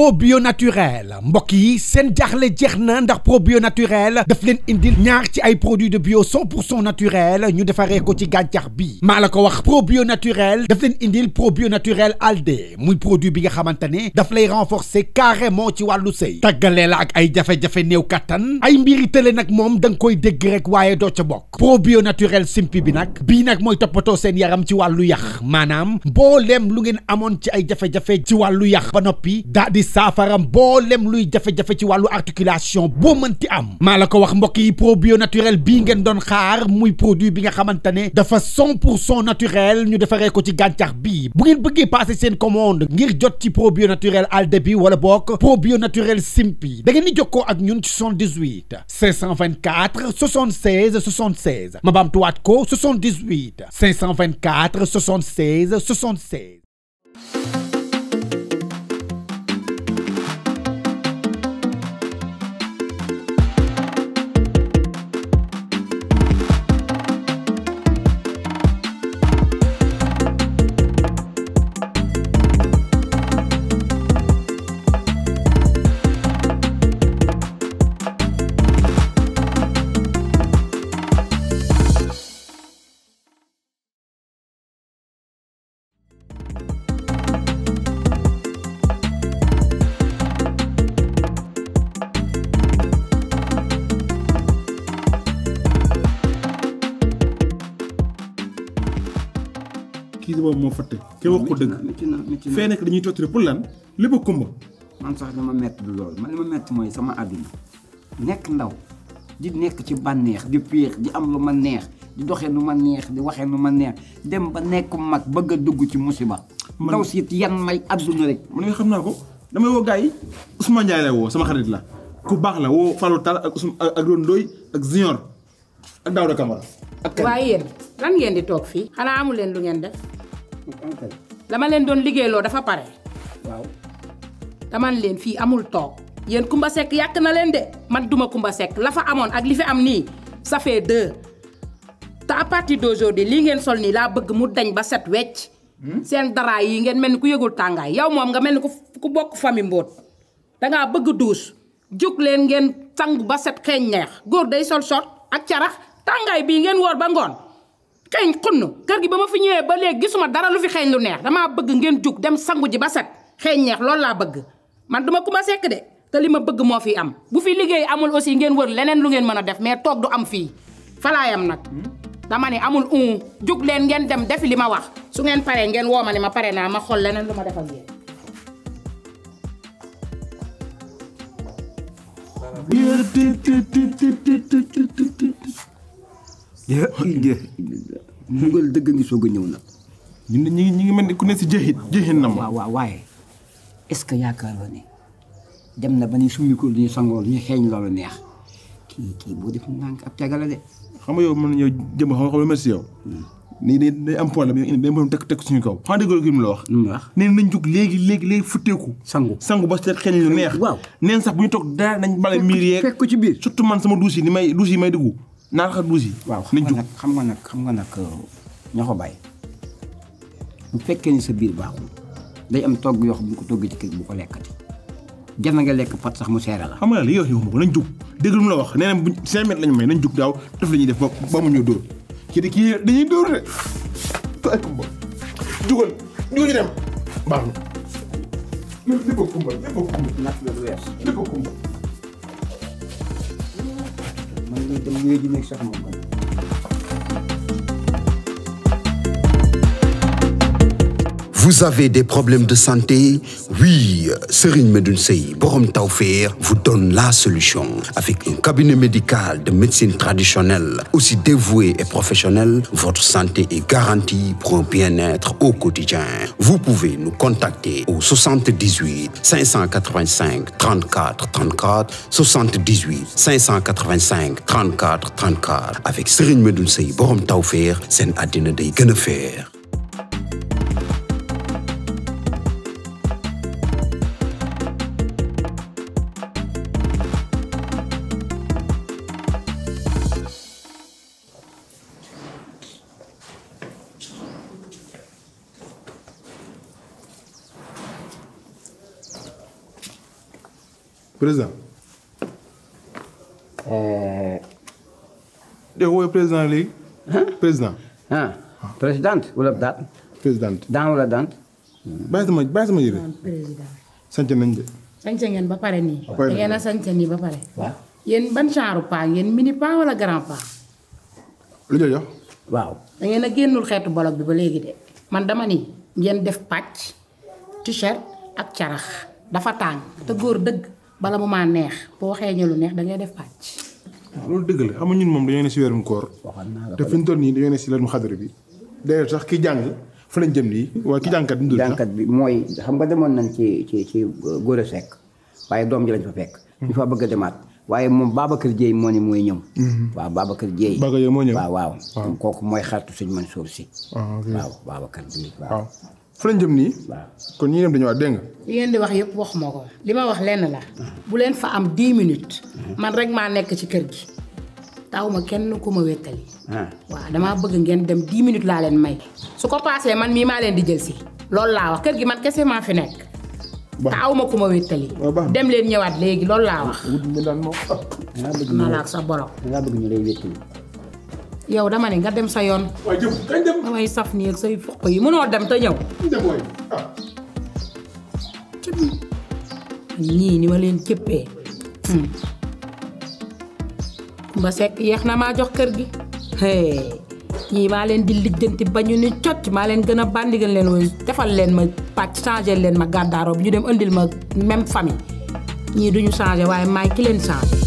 probio naturel mbokk yi seen jaaxle jeex ndax probio naturel daf leen indil ñaar ci ay produits de bio 100 naturel ñu defaree ko ci gàncax bi naturel daf leen indil probio naturel alde muy produit bi nga xamantane daf lay renforcer carrément ci walu sey tagalé la ak ay jafé jafé new katan ay mbiri télé nag mom dang koy dégg rek probio naturel simpi bi nak bi nak moy topato seen yaram ci wàllu manam. bo lem lu ngeen amone ci ay panopi. jafé saafara mboolem luy jafé jafé ci walu articulation boo mënti am malako wax mbok yi probio naturel bi ngeen don xaar muy produit bi nga xamantane de dafa 100 pour naturel ñu defaree ko ci gàncax bi bu ngeen bëggé passer seen commande ngir jot ci probio naturel al début wala bokk probio naturel simpi da ngeen di jokkoo ak ñun ci 78 524 76 76 ma baamtuwaat ko 78 524 76 76. kii boobu moo fëtte. kenn wax ko dëgg fee nekk dañuy torturé pour lan lépp a kumba. man sax dama metti du loolu man li ma metti mooy sama àdduna nekk ndaw di nekk ci bànneex di péex di am lu ma neex di doxee nu ma neex di waxee nu ma neex dem ba nekk mag bëgg a dugg ci musiba. ndaw si yan may àdduna rek. man nga xam naa ko damay woo gars yi Ousmane Ndiaye woo sama xarit la ku baax la woo Fallou Tall ak Ousmane ak Ron Ndoye ak Junior ak Daouda Camara. ak waaye yéen lan ngeen di toog Lama len don doon dafa pare. waaw. dama len fi amul tok Yen Kumba sek yak na len de man duma Kumba sek la fa amone ak li fi am ni ça fait deux ta a partir d'aujourd'hui li ngeen sol ni la bëgg mu dañ ba set wécc hmm? sen dara yi ngeen melni ku yegul tàngaay yaw mom nga melni ni ku bokk mbot da nga bëgg douce len ngeen tang ba set xéñ neex gor day sol short, ak tiarax tangay bi ngeen wor ba ngone xeeñ xunn kër gi ba ma fi ñëwee ba léegi gisuma dara lu fi xeeñ lu neex damaa bëgg ngeen jug dem sangu ji ba set xeeñ neex loolu laa bëgg man duma ku ma sekk de te li ma bëgg moo fi am bu fi liggéey amul aussi ngeen wër leneen lu ngeen mën a def mais toog du am fii falaayam nag hmm? dama ne amul un jug leen ngeen dem defi li ma wax su ngeen paree ngeen woo ma ne ma pare naa ma xool leneen lu ma def ak mbugal dëgg ngi soog a ñëw nag. ñun de ñu ngi ñu ngi mel ni ne si jeexit jeexit na ma. waaw waaw waaye est-ce que yaakaaroo na ba ni suñu ko li ñu sangoo li ñu xeeñ loolu neex kii kii boo def ndànk ab cagala de. xam yow mën nañoo jëm xam nga xam nga merci yow. Hmm. nii day suñu kaw. xam nga déggoo gi mu la wax. wax nañ jóg léegi léegi léegi futteeku. sangu sangu ba seet xeeñ lu neex. waaw neen sax bu ñu toog dara nañ bale miir yeeg fekk ko ci biir surtout man sama douche yi ni may douche yi may dugg naa raxas buus waaw xam nga nag xam nga nag xam nga nag euh, ñoo ko bàyyi bu fekkee ni sa biir baaxul day am togg yox xam ko toggee ci kër bu ko lekkati jar na nga lekk pat sax mu seere la. xam nga li yow yow ma ko nañ jug dégg lu mu la wax nee na bu cinq lañu may nañ jug daaw def la ñuy def ba ba mu ñëw dóor kii de kii dañuy dóor de. jugal jugal ñu dem baax na. WWE next sa Hong Vous avez des problèmes de santé Oui, Serine Medunsei, Borom Taufer vous donne la solution. Avec un cabinet médical de médecine traditionnelle, aussi dévoué et professionnel, votre santé est garantie pour un bien-être au quotidien. Vous pouvez nous contacter au 78 585 34 34 78 585 34 34 avec Serigne Medunsei, Borom Taufer, c'est une adina président euh, dégg nga président léegi. président. ah présidente wala daat. présidente daan wala daan. bàyyi sama bàyyi sama yére. président. sant nañ de. sant ngeen ba pare nii. ba pare ngeen a nii ba pare. waaw yéen ban paa ngeen mini paa wala grand paa. lu jox waaw da ngeen a génnul xeetu bolog bi ba léegi de man dama ni ngeen def pàcc t-shirt ak carax dafa tàng te góor dëgg. bala mu maa neex boo xeeñee lu neex da def pàcc. loolu dëgg la xam amuñu ñun moom dañoo ne si weerum koor. te fi ñu toll nii dañoo ne si lan mu xadar bi. d'ailleurs sax ki jàng fa lañ jëm nii. waaye ki jàngkat bi jàngkat bi mooy xam nga demoon nañ ci ci ci euh, góor a sekk waaye doom ji lañ fa fekk. ñu fa bëgg a demaat waaye moom baaba kër Dieye moo ni mooy ñëw. Mhm. waaw Babacar Dieye. Babacar Dieye moo ñëw waaw waaw. kooku mooy xaritu sëñ soo si. Ah, waaw Babacar Dieye waaw. fu lañ jëm ni kon ñi dem dañu wax dégg li ngeen di wax yépp wax moko ko li ma wax lenn la bu leen fa am 10 minutes man rek ma nekk ci kër gi tawuma kenn ku ma wétali ah. wa dama bëgg ngeen dem 10 minutes la leen may su ko passé man mi ma leen di jël ci lool la wax kër gi man kessé ma fi nekk tawuma ku ma wétali dem leen ñëwaat légui lool la wax wut mi lan moo naa bëgg ñu lay wétali yow dama ne nga dem sa yoon. waaw damay saf nii ak say foq yi mënoo dem ta ñëw. ñii ah. ni ma leen cëppee. Hmm. ba sekk yeex na maa jox kër gi. ñii maa leen di lijjanti ba ñu ni cocc maa leen gën a bàndigal leen woon defal leen ma pàcc changé leen ma gàddaaroo bu ñu dem indil ma même famille ñii duñu changé waaye maay ki leen changé.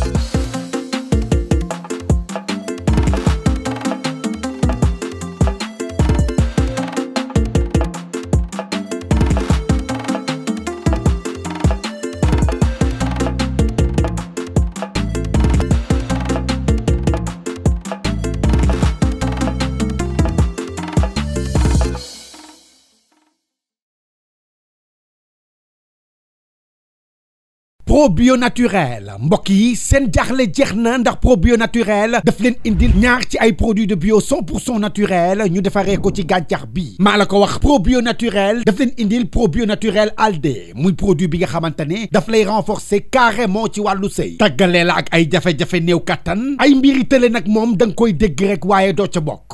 pro bio naturel mbokk yi seen jaaxle jeex ndax pro bio naturel daf leen indil ñaar ci ay de bio 100 naturel ñu defaree ko ci bi wax pro bio naturel daf leen indil pro bio naturel alde muy produit bi nga xamantane daf lay renforcer carrément ci walu sey tagalé la ak ay jafé jafé new katan ay mbiri télé nak mom dang koy dégg rek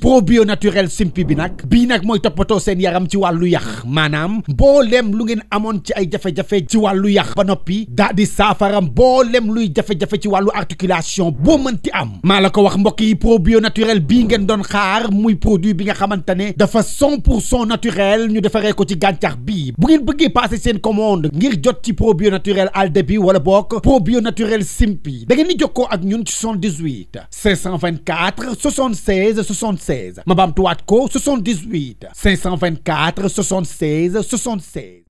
pro naturel simpi bi nak bi nak moy topato seen yaram ci walu yax manam, bolem lu ngeen amone ci ay jafé jafé ci saafara mboolem luy jafé jafé ci walu articulation boo ti am malako wax mbokk yi probio naturel bi ngeen don xaar muy produit bi nga xamantane dafa 100 naturel ñu defaree ko ci gàncax bi bu ngeen bëggé passer seen commande ngir jot ci probio naturel al début wala pro probio naturel simpi da ngeen di jokkoo ak ñun ci 78 524 76 76 mabam baamtuwaat ko 78 524 76 76